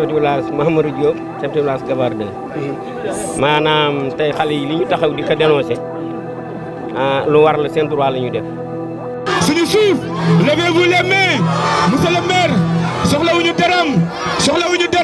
ma de village Mahamadou Diop chef de village Gabar 2 maanaam tey xale yi li ñu taxaw di ko dénoncé ah, lu war la seen droit la ñu def suñu suuf levez-vous les mains monsieur le maire soxlawuñu dërëm soxlawuñu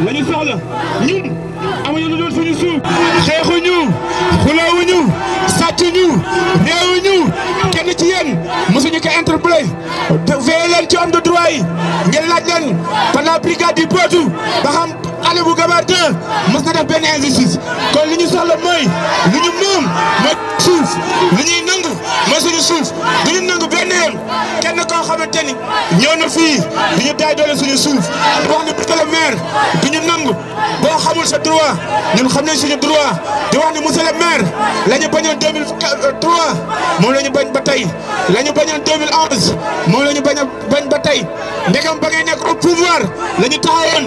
la ñu soxla ñun amuñu lu dul suñu suuf xeexuñu xulawuñu sàccuñu réewuñu kenn ci yéen mosuñu ko interpellé te ci homme de droit yi leen par la brigade ba xam ale bu gabar de mos na def benn injustice kon li ñu soxla mooy lu ñu moom mooy suuf lu ñuy suuf du ñu nangu benn kenn koo xamante ni ñëw na fii du ñu daay doole suñu suuf wax ni le nangu boo xamul sa droit ñun xam nañ suñu droit di wax ni monsieur le maire la ñu bañoon 2003 moom la ñu bañ ba tey la ñu bañoon 2011 moom la ñu bañ bañ ba tey ndegam ba ngay nekk au pouvoir la ñu taxawoon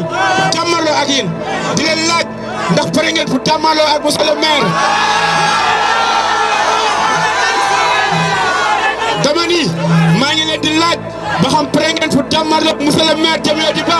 jàmmaloo ak yéen di leen laaj ndax pare ngeen pour jàmmaloo ak monsieur le maire. dama ni maa ngi leen di laaj ba xam pare ngeen pour jàmmaloo ak monsieur le maire Jamil Odiba.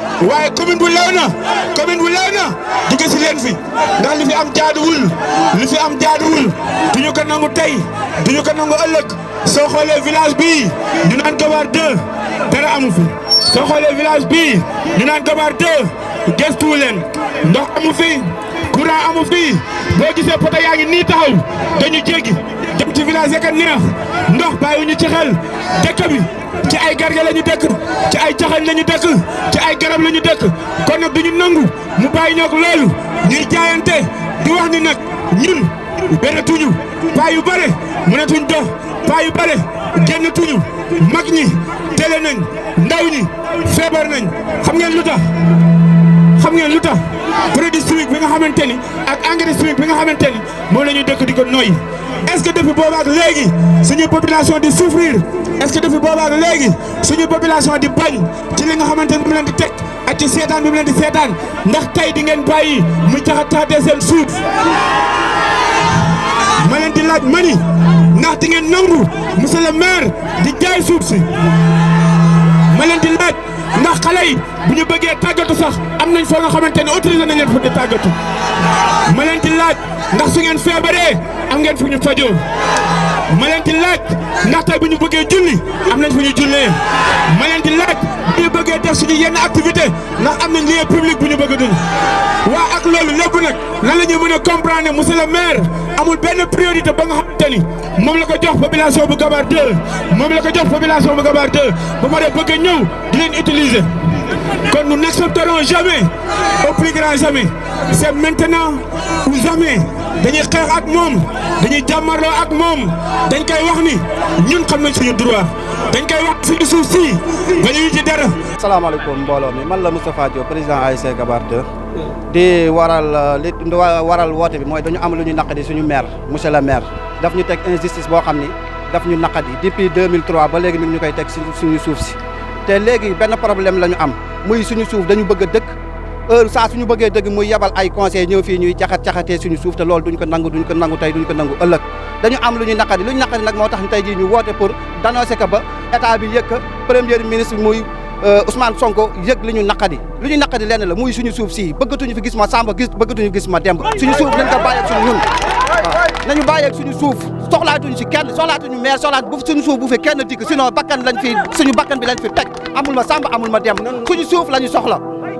waaye commune bu Léona commune bu Léona dugg si leen fi ndax li fi am jaaduwul lu fi am jaaduwul duñu ko nangu tey duñu ko nangu ëllëg soo xoolee village bii ñu naan Gabar 2 dara amu fi soo xoolee village bii ñu naan Gabar 2 gëstuwu leen ndox amu fi courant amu fi boo gisee poto nii taxaw dañu jéggi jëm ci village yekkat neex ndox bàyyiwuñu ci xel dëkk bi ci ay garga la ñu dëkk ci ay jaxañ la ñu dëkk ci ay garab la ñu dëkk kon nag du ñu nangu mu bàyyi ñoog loolu ñuy jaayante di wax ni nag ñun beratuñu paa yu bare mënatuñ dox paa yu bare génn tuñu mag ñi télé nañ ndaw ñi feebar nañ xam ngeen lu tax xam ngeen lu tax produit chimique bi nga xamante ni ak engrais chimique bi nga xamante ni moom la ñuy dëkk di ko noyyi est-ce que depuis boobaak léegi suñu population di souffrir est-ce que depuis boobaak léegi suñu population di bañ ci li nga xamante ne mu leen di teg ak ci seetaan bi mu leen di seetaan ndax tey di ngeen bàyyi mu jaxataatee seen suuf ma leen di laaj mani ndax di ngeen nangu monsieur le maire di jaay suuf si ma leen di laaj. ndax xale yi bu ñu bëggee tàggatu sax am nañ foo nga xamante ne autorisé nañ leen fa di tàggatu ma laaj ndax su ngeen feebaree am ngeen fu ñu fajoo ma leen di laaj ndax tey bu ñu bëggee julli am nañ fu ñu jullee ma leen di laaj bu ñu bëggee def suñu yenn activité ndax am nañ lieu public bu ñu bëgg a dund waa ak loolu lépp nag la la ñuy mën a comprendre monsieur le maire amul benn priorité ba nga xamante ni moom la ko jox population bu Gabar 2 moom la ko jox population bu Gabar ba ma dee bëgg ñëw di leen utiliser kon nous n'accepterons jamais au plus grand jamais c'est maintenant ou jamais dañuy xeex ak moom dañuy jàmmarloo ak moom dañ koy wax ni ñun xam nañ suñu droit dañ koy wax suñu suuf si ba ñu ci dara. asalaamaaleykum mbooloo mi man la Moustapha Diop président ASC Gabar di waral li woote bi mooy dañu am lu ñu naqadi suñu maire monsieur le maire daf ñu teg injustice boo xam ni daf ñu naqadi depuis 2003 ba léegi mi ngi ñu koy teg suñu suuf si te léegi benn problème la ñu am muy suñu suuf dañu bëgg a dëkk heure saa suñu bëggee dëgg muy yebal ay conseil ñëw fii ñuy caxat caxatee suñu suuf te loolu duñ ko nangu duñ tey duñ ko nangu ëllëg dañu am lu ñu naqadi lu ñu naqadi nag moo tax ñu tey jii ñu woote pour dénoncer que ba état Euh, Ousmane Sonko yëg li ñu naqadi li ñu naqadi lenn la muy suñu suuf si bëggatuñu fi gis ma Samba gis bëggatuñu gis ma Demba ñu suuf nañ ko bàyyeeg suñu ñun waaw nañu bàyyeeg suñu suuf soxlaatuñu si kenn soxlaatuñu maire soxlaat bu suñu suuf bu fi kenn dikk sinon bakkan lañ fi suñu bakkan bi lañ fi teg amul ma Samba amul ma Demba suñu suuf la ñu soxla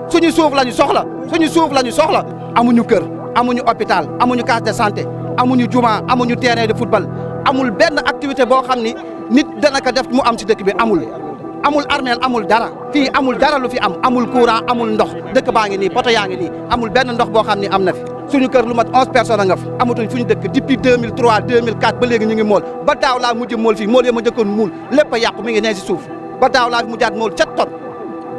suñu suuf la ñu soxla suñu suuf la ñu soxla amuñu kër amuñu hôpital amuñu case de santé amuñu juma amuñu terrain de football amul benn activité boo xam ni nit dana def mu am si dëkk bi amul amul armel amul dara fi amul dara lu fi am amul kura, amul ndox dëkk baangi ni poto yaangi ni amul ben ndox bo xamni ni am fi suñu kër lu mat 11 personnes nga fi amatuñ fu ñu depuis 2003 2004 ba léegi ñu ngi mol ba daaw laa mujj mol fi mol ya jëkkon mul lepp yaq mi ngi ne suuf ba mol ca tot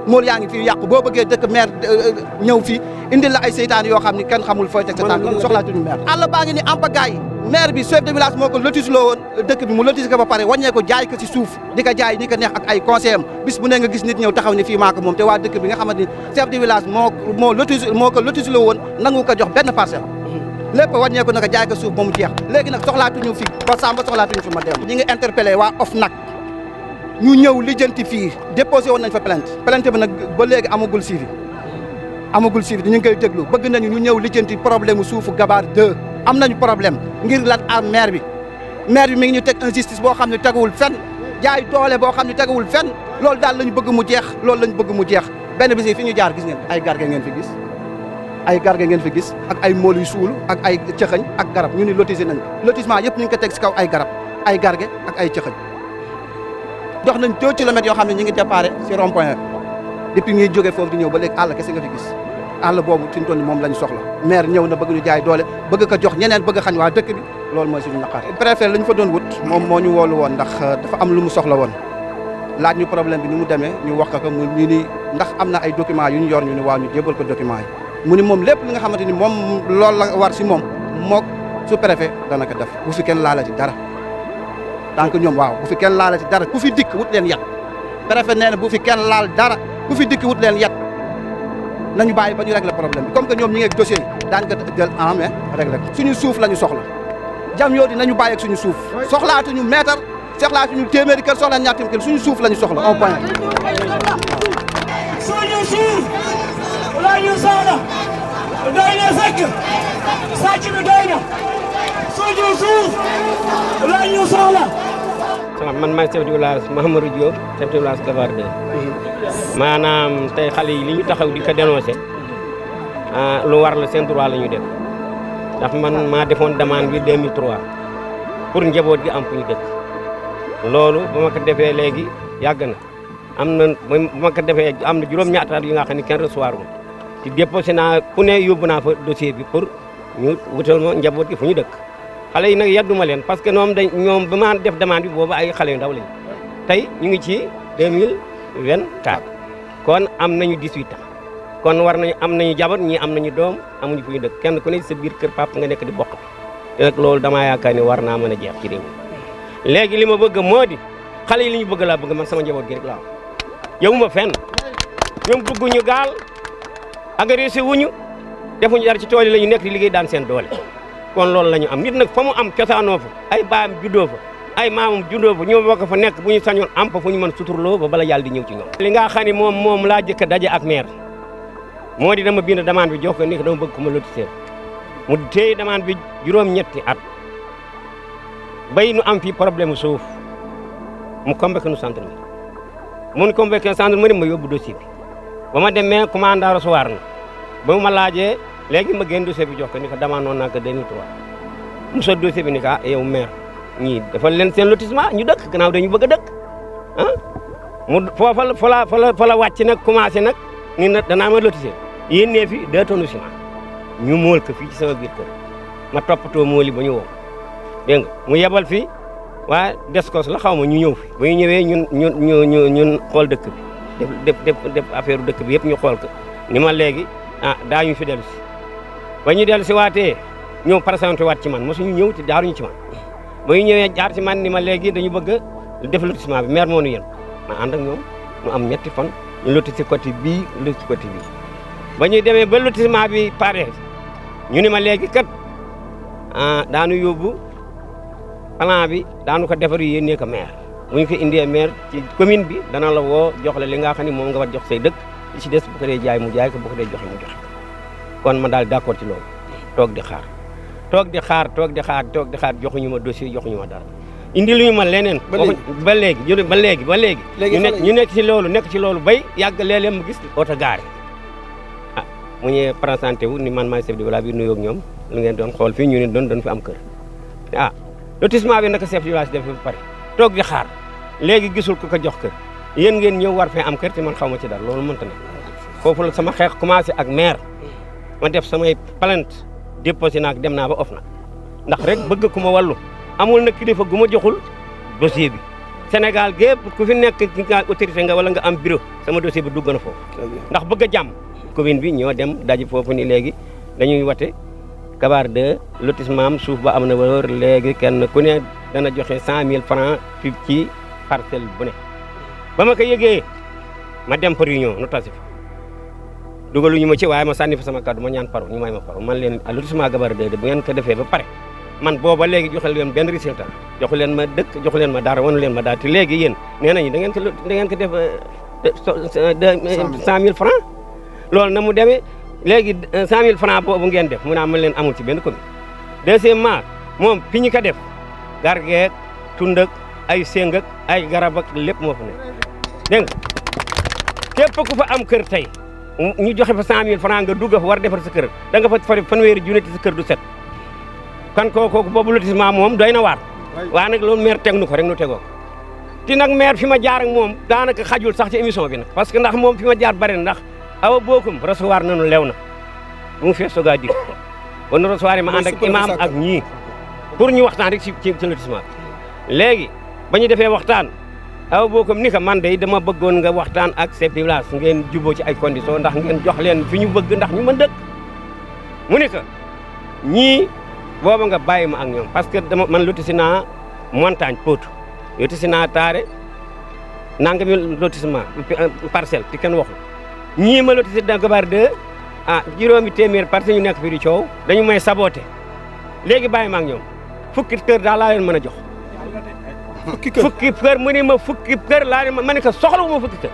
mool yaa ngi fii yàqu boo bëggee dëkk maire euh, ñëw fii indil la ay seytaan yoo xam ni kenn xamul fooy teg sa tànk soxlaatuñu maire àll baa ngi ni ampagaay yi maire bi chef de village moo ko lotis loo woon dëkk bi mu lotis ko ba pare wàññee ko jaay ko si suuf di ko jaay ni ko neex ay conseil bis bu ne nga gis nit ñëw taxaw ni fii maa moom te waa dëkk bi nga xamante ni chef de village moo moo moo ko lotis loo nangu ko jox benn parcelle mm-hmm. lépp wàññee ko naka fi ba sàmba soxlaatuñu Nous avons lijjanti déposé on nañ fa plainte plainte bi nag ba léegi amagul suivi amagul suivi ñu ngi koy bëgg ñu avons problème suufu Gabar 2 problème Nous lat la maire bi maire injustice ne fenn jaay doole fenn daal lañu bëgg nous avons beaucoup lañu bëgg mu benn fi ñu jaar gis ngeen ay lotissement ñu ngi ko garab dox nañ deux kilomètres yoo xam ne ñu ngi déparé si rond point depuis ñuy jógee foofu di ñëw ba léegi àll kese nga fi gis àll boobu suñu toll moom lañ soxla maire ñëw na bëgg ñu jaay doole bëgg ko jox ñeneen bëgg xañ waa dëkk bi loolu mooy suñu naqar préfet la ñu fa wut moom moo ñu woolu woon ndax euh, dafa am lu mu soxla woon laaj ñu problème bi ni mu demee ñu wax ko mu ñu ni ndax am na ay documents yu ñu yor ñu ni waaw ñu jébal ko documents mu ni moom lépp li nga xamante ni moom loolu la war si moom mook sous dana ko def bu fi kenn laalati dara donc ñoom waaw bu fi kenn laale ci dara ku fi dikk wut leen yat préfet nee na bu fi kenn laal dara ku fi dikk wut leen yat nañu bàyyi ba ñu régler problème comme que ñoom ñi ngi ak dossier yi daan ko jël en main régler suñu suuf la ñu soxla jam yoo di nañu bàyyi suñu suuf soxlaatuñu mètre soxlaatuñu téeméeri kër soxla ñaar téeméeri kër suñu suuf la ñu soxla au point suñu suuf la ñu soxla doy na sëkk sàcc bi rajo man maay chef de village Mahamadou Diop chef de village Kafar maanaam tey xale yi li ñu taxaw di ko dénoncé ah, lu war la seen droit la ñu def ndax man maa defoon demande bi 2003 pour njaboot gi am fu ñu dëkk loolu ba ma ko defee léegi yàgg na am na ba ma defee am na juróom-ñaata at yi nga xam ne kenn recevoir ma ci déposé naa ku ne yóbbu naa fa dossier bi pour ñu wutal ma njaboot gi fu ñu dëkk xale yi nag yadduma leen parce que ñoom dañ ñoom ba ma def demande bi boobu ay xale yu ndaw lañ tey ñu ngi ci 2024 kon am nañu 18 ans kon war nañu am nañu jabar ñii am nañu doom amuñu fu ñu dëkk kenn ku ne sa biir kër papa nga nekk di bokk te nag loolu damaa yaakaar ne war naa mën a jeex ci réew mi léegi li ma bëgg moo di xale yi li ñu bëgg laa bëgg man sama njaboot gi rek laa yow ma fenn ñoom dugguñu gaal agressé wuñu defuñu dara ci tool yi la ñu nekk di liggéey daan seen doole kon loolu la ñu am nit nag fa mu am cosaanoo fa ay baam juddoo fa ay maamam juddoo fa ñoo bokk fa nekk bu ñu sañoon am fa fu ñu mën suturloo ba bala yàlla di ñëw ci ñoom li nga xam ne moom moom laa jëkk daje ak maire moo di dama bind demande bi jox ko nekk dama bëgg ko ma lotissé mu téye demande bi juróom-ñetti at bay nu am fii problème suuf mu convoqué nu centre bi mun convoqué centre bi ma yóbbu dossier bi ba ma demee commandant recevoir na ba ma léegi ma génn dossier bi jox ko ni ko demandé naa ko 2003 mu sot dossier bi ni ka ah yow maire ñii defal leen seen lotissement ñu dëkk gannaaw dañu bëgg a dëkk ah mu fa la fa la fa la wàcc nag commencé nag ni na danaa ma lotissé fi deux tonnes ciment ñu mool ko fii ci sama biir kër ma toppatoo mool yi ba ñu wow dégg mu yebal fi waa Descos la xaw ma ñu ñëw fi ba ñu ñëwee ñun ñu ñu ñun xool dëkk bi def def def affaire dëkk bi yëpp ñu xool ñu ni ma léegi ah daañu fi dellu si ba ñu dellu si waatee ñëw présenté waat ci man mosuñu ñëw te jaaruñu ci man ba yi ñëwee jaar ci man ni ma léegi dañu bëgg def lotissement bi maire moo nu yéen ma ànd ak ñoom mu am ñetti fan ñu loti ci côté bii loti ci côté bii ba ñuy demee ba lotissement bi pare ñu ni ma léegi kat ah, daanu yóbbu plan bi daanu ko defar yéenee ko maire bu ñu ko indee maire ci commune bi dana la woo jox la li nga xam ne moom nga war jox say dëkk li ci des bu ko dee jaay mu jaay ko bu ko kon ma daal d'accord ci loolu toog di xaar toog di xaar toog di xaar toog di xaar joxuñu ma dossier joxuñu ma dara indi lu ma leneen ba léegi ba léegi ba léegi ñu nekk ci loolu nekk ci loolu bay yàgg léeg-léeg mu gis oto gaare ah mu ñëwee wu ni man maay chef de village bi nuyoog ñoom lu ngeen doon xool fii ñu ne doon doon fi am kër ah lotissement bi naka chef de village def ba pare toog di xaar léegi gisul ku ko jox kër yéen ngeen ñëw war fee am kër te man xaw ma ci dara loolu mënta ne foofu la sama xeex commencé ak maire ma def samay plainte déposé naag dem naa ba of na ndax rek bëgg ku ma wàllu amul na kilifa gu ma joxul dossier bi Sénégal gépp ku fi nekk ki nga autorité nga wala nga am bureau sama dossier bi dugg na foofu ndax bëgg a jàmm commune bi ñoo dem daj foofu ni léegi dañuy wate Kabar 2 lotissement am suuf ba am na wër léegi kenn ku ne dana joxe cent mille francs fi ci parcelle bu ne ba ma yëgee ma dem réunion nu tasi fa dugaluñu ma ci waaye ma sànni fa sama kàddu ma ñaan paru ñu may ma paru man leen lotissement Gabarra 2 de bu ngeen ko defee ba man booba léegi joxe leen benn résultat joxu leen ma dëkk joxu leen ma dara wanu leen ma daal te léegi yéen nee nañu da ngeen ko da ngeen ko def euh, euh, euh, cent mille francs loolu na mu demee léegi cent mille francs boobu ngeen def mu naa man leen amul ci benn commune deuxièmement moom fi ñu ko def gargeek tundak ay séngak ay garab ak lépp moo fa ne am kër tey ñu joxe fa cent mille franc nga dugg fa war defar sa kër da nga fa fari fanweeri junni sa kër du set kan kooku boobu lotissement moom doy na waar waaye nag loolu maire teg ko rek nu tegoo ti nag maire fi ma jaar ak moom daanaka xajul sax ci émission bi nag parce que ndax moom fi ma jaar bari na ndax awa bookum recevoir nanu lew na bu mu fees sogaa wan recevoir ma ànd ak imam ak ñii pour ñu waxtaan rek ci ci lotissement léegi ba ñu waxtaan aw boo ko ni ko man de dama bëggoon nga waxtaan ak chef ngeen juboo ci ay conditions ndax ngeen jox leen fi ñu bëgg ndax ñu mën dëkk mu ni ko ñii booba nga bàyyi ma ak ñoom parce que dama man lotisi naa montagne Potou lotisi naa taare nangami lotissement parcelle ti kenn waxu ñii ma lotisi Dagobar 2 ah juróomi téeméer parce que ñu nekk fii di coow dañu may saboté léegi bàyyi ma ak ñoom fukki kër daal laa mën a jox fukki kër fukki kër mu ne ma fukki kër laa ne ma ne ko soxla wu ma fukki kër.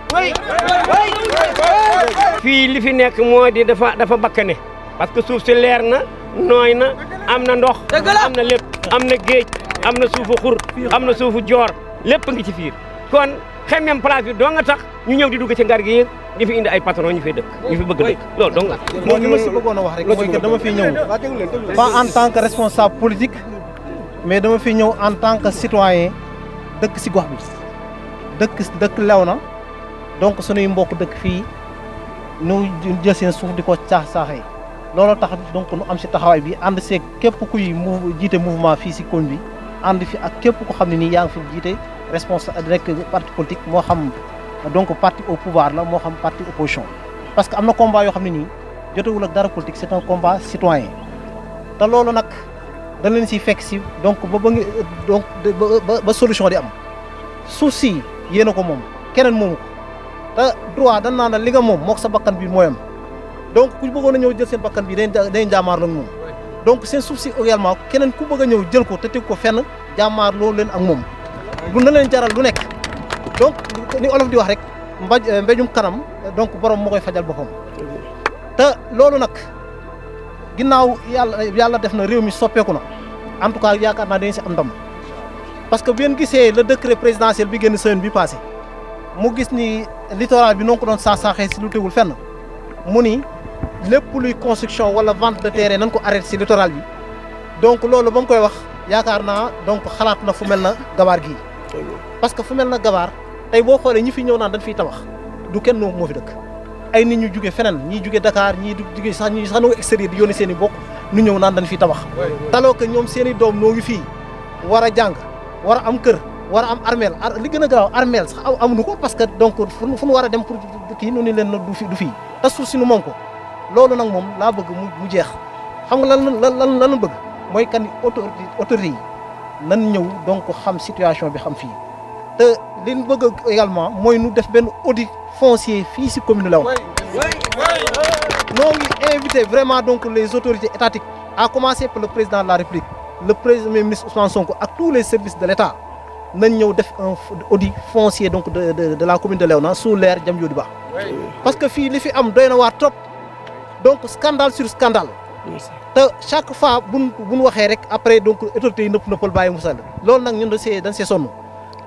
fii li fi nekk moo di dafa dafa bakkane parce que suuf si leer na nooy na am na ndox. am na lépp am na géej am na suufu xur am na suufu joor lépp ngi ci fiir kon xemem place bi doo nga tax ñu ñëw di dugg ci ngar gi di fi indi ay patron ñu fi dëkk ñu fi bëgg dëkk loolu donc. loolu li ma si bëggoon a wax rek mooy que dama fi ñëw pas en tant que responsable politique mais dama fi ñëw en tant que citoyen. dëkk si gox bi dëkk dëkk lew na donc suñuy mbokk dëkk fii ñu jël seen suuf di ko saax saaxee looloo tax donc nu am si taxawaay bi ànd see képp kuy mu jiite mouvement fii si koñ bi ànd fi ak képp ko xam ne nii yaa ngi fi jiite responsable euh, rek parti politique moo xam donc parti au pouvoir la moo xam parti opposition parce que am na combat yoo xam ne nii jotewul ak dara politique c'est un combat citoyen te loolu nag da leen siy fekk si donc ba ba donc ba solution di am suuf si yéen a ko moom keneen moomu ko te droit dañ naan li nga moom mook sa bakkan bi mooyam donc ku bëggoon a ñëw jël seen bakkan bi day day jaamaar la moom donc seen suuf si également keneen ku bëgg a ñëw jël ko te teg ko fenn jaamaar loolu leen ak moom lu na leen jaral lu nekk donc ni olof di wax rek mbaj mbéjum kanam donc borom moo koy fajal boppam te loolu nag ginnaaw yàlla yàlla def na réew mi soppeeku na en tout cas yaakaar naa dañu si am ndam parce que bu ngeen gisee dëkk décret présidentiel bi génn semaine bi passé mu gis ni littoral bi noo ko doon saax saaxee si lu tegul fenn mu ni lépp luy construction wala vente de tere nañ ko arrêté si littoral bi donc loolu ba mu koy wax yaakaar naa donc xalaat na fu mel na gabaar gii. parce que fu mel na gabaar tey boo xoolee ñi fi ñëw naan dañ fiy tabax du kenn moo fi dëkk. ay nit ñu jóge fenen ñi Dakar ñi juga sax ñi sax extérieur di yoni seeni bok ñu ñew naan dañ fi tabax talo ke ñom seeni dom no noo ngi fii wara am kër wara am armel li gëna graw armel sax amuñu ko parce que donc fu nu war dem pour kii ñu ni leen du fi du fi ta suuf si nu ko lolu nak mom la bëgg mu jeex xam nga lan lan lan bëgg moy kan autorité autorité nan ñew donc xam situation bi xam fi Nous avons bëgg également fait nu audit foncier sur la commune Léon. Nous avons invité vraiment donc les autorités étatiques à commencer par le président de la République le président ministre Ousmane Sonko à tous les services de l'État nañ faire un audit foncier donc de de la commune de Léona hein, sous l'air de parce que les li fi am trop donc scandale sur scandale chaque fois buñ buñ waxé rek après donc autorités ne peut pas bàyyi mu lool ñun